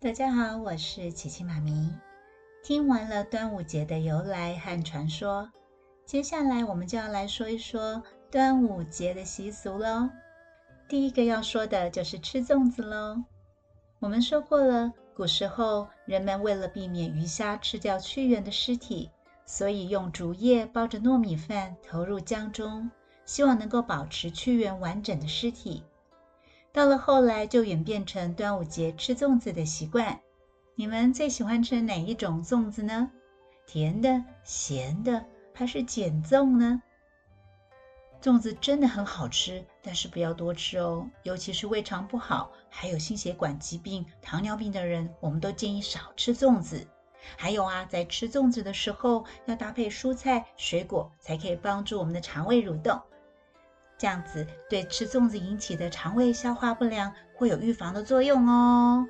大家好，我是琪琪媽咪。聽完了端午節的由來和傳說，接下來我們就要來說一說端午節的習俗嘍。第一個要說的就是吃粽子嘍。我們說過了，古時候人們為了避免魚蝦吃掉屈原的屍體，所以用竹葉包着糯米飯投入江中，希望能夠保持屈原完整的屍體。到了後來就演變成端午節吃粽子的習慣。你們最喜歡吃哪一種粽子呢？甜的、鹹的，還是鹼粽呢？粽子真的很好吃，但是不要多吃哦。尤其是胃腸不好、還有心血管疾病、糖尿病的人，我們都建議少吃粽子。還有啊，在吃粽子的時候要搭配蔬菜、水果，才可以幫助我們的腸胃蠕動。這樣子對吃粽子引起的腸胃消化不良會有預防的作用哦。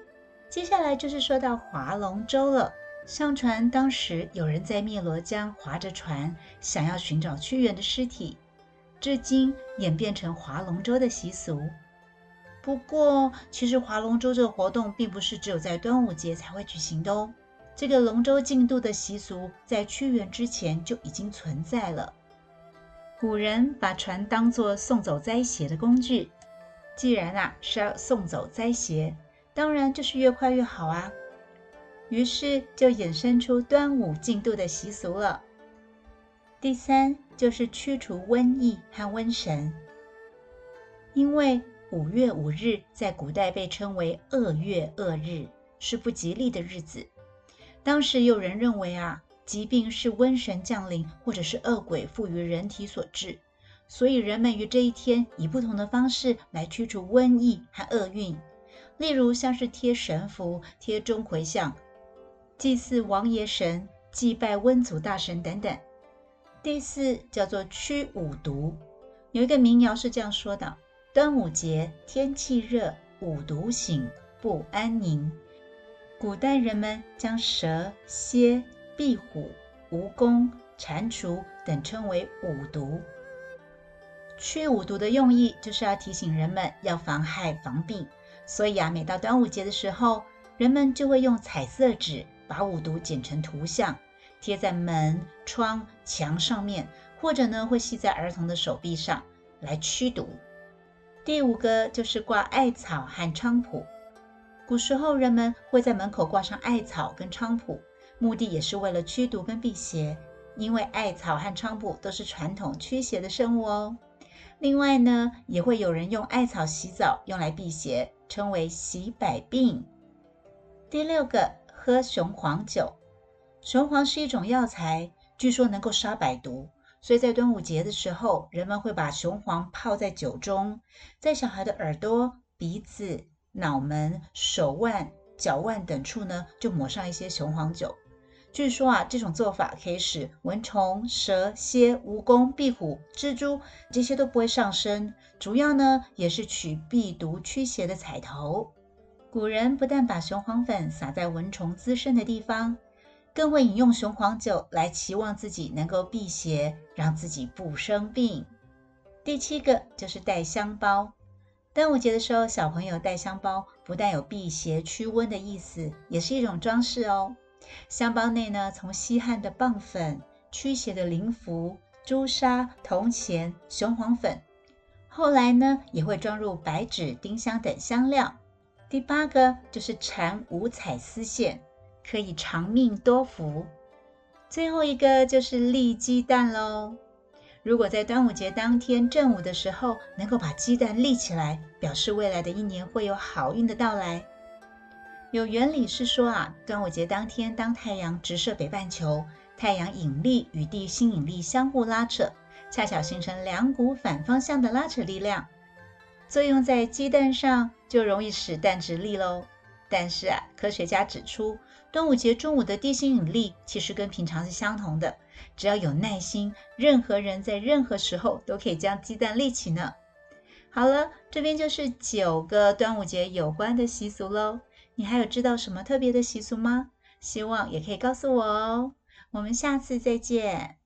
接下來就是說到划龍舟了。相傳當時有人在汨羅江划着船，想要尋找屈原的屍體，至今演變成划龍舟的習俗。不過，其實划龍舟這個活動並不是只有在端午節才會舉行的哦。這個龍舟競渡的習俗在屈原之前就已經存在了。古人把船當作送走災邪的工具，既然啊是要送走災邪，當然就是越快越好啊。於是就衍生出端午競渡的習俗了。第三就是驅除瘟疫和瘟神，因為五月五日在古代被稱為惡月惡日，是不吉利的日子。當時有人認為啊。疾病是瘟神降臨，或者是惡鬼附於人體所致，所以人們於這一天以不同的方式來驅除瘟疫和厄運，例如像是貼神符、貼鍾馗像、祭祀王爺神、祭拜瘟祖大神等等。第四叫做驅五毒，有一個民謠是這樣說的：“端午節天氣熱，五毒醒，不安寧。”古代人們將蛇蠍。壁虎、蜈蚣、蟾蜍等稱為五毒。驅五毒的用意就是要提醒人們要防害防病，所以啊，每到端午節的時候，人們就會用彩色紙把五毒剪成圖像，貼在門窗牆上面，或者呢會繫在兒童的手臂上來驅毒。第五個就是掛艾草和菖蒲。古時候人們會在門口掛上艾草跟菖蒲。目的也是為了驅毒跟辟邪，因為艾草和菖蒲都是傳統驅邪的生物哦。另外呢，也會有人用艾草洗澡，用來辟邪，稱為洗百病。第六個，喝雄黃酒。雄黃是一種藥材，據說能夠殺百毒，所以在端午節的時候，人們會把雄黃泡在酒中，在小孩的耳朵、鼻子、腦門、手腕、腳腕等處呢，就抹上一些雄黃酒。據說啊，這種做法可以使蚊蟲、蛇、蠍、蜈蚣、壁虎、蜘蛛這些都不會上身。主要呢，也是取避毒驅邪的彩頭。古人不但把雄黃粉撒在蚊蟲滋生的地方，更會飲用雄黃酒來期望自己能夠避邪，讓自己不生病。第七個就是帶香包。端午節的時候，小朋友帶香包不但有避邪驅瘟的意思，也是一種裝飾哦。香包內呢，從吸汗的棒粉、驅邪的靈符、朱砂、銅錢、雄黃粉，後來呢也會裝入白芷、丁香等香料。第八個就是纏五彩絲線，可以長命多福。最後一個就是立雞蛋嘍。如果在端午節當天正午的時候能夠把雞蛋立起來，表示未來的一年會有好運的到來。有原理是說啊，端午節當天，當太陽直射北半球，太陽引力與地心引力相互拉扯，恰巧形成兩股反方向的拉扯力量，作用在雞蛋上，就容易使蛋直立嘍。但是啊，科學家指出，端午節中午的地心引力其實跟平常是相同的，只要有耐心，任何人在任何時候都可以將雞蛋立起呢。好了，這邊就是九個端午節有關的習俗嘍。你還有知道什麼特別的習俗嗎？希望也可以告訴我哦。我們下次再見。